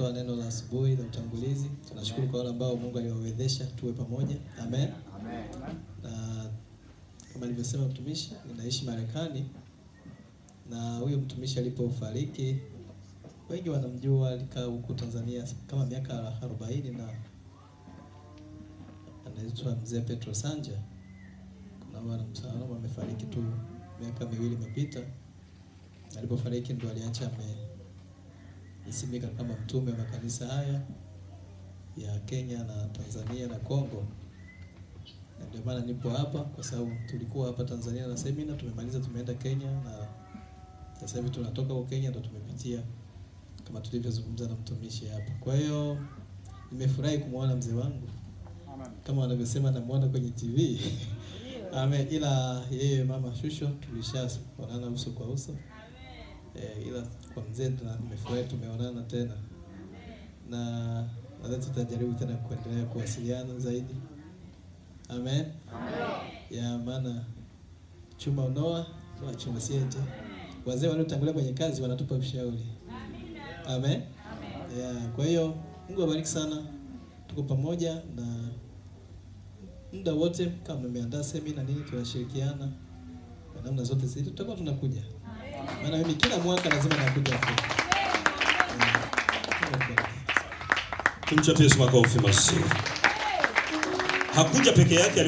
kutoa neno la asubuhi la utangulizi. Tunashukuru kwa wale ambao Mungu aliwawezesha tuwe pamoja. Amen. Amen. Na kama nilivyosema, mtumishi, ninaishi Marekani na huyo mtumishi alipofariki, wengi wanamjua, alikaa huko Tanzania kama miaka 40 na anaitwa Mzee Petro Sanja. Kuna wanamsalamu amefariki tu miaka miwili imepita, alipofariki ndo aliacha nisimika kama mtume wa makanisa haya ya Kenya na Tanzania na Kongo, na ndio maana nipo hapa, kwa sababu tulikuwa hapa Tanzania na semina tumemaliza, tumeenda Kenya na sasa hivi tunatoka huko Kenya, ndo tumepitia kama tulivyozungumza na mtumishi hapa. Kwa hiyo nimefurahi kumwona mzee wangu kama wanavyosema namuona kwenye TV Amen. Ila yeye mama Shusho tulishaonana uso kwa uso Amen. Eh, ila zetu na nimefurahi tumeonana tena, na nadhani tutajaribu tena kuendelea kuwasiliana zaidi. Amen, amen. Ya maana chuma unoa na chuma siete, wazee waliotangulia kwenye kazi wanatupa ushauri. Amen, amen. Ya, kwa hiyo Mungu awabariki sana, tuko pamoja na muda wote, kama mmeandaa semina nini, tunashirikiana na namna zote zetu tutakuwa tunakuja maana mimi kila mwaka lazima nakuja Afrika. Tumchatie Yesu makofi Hakuja peke yake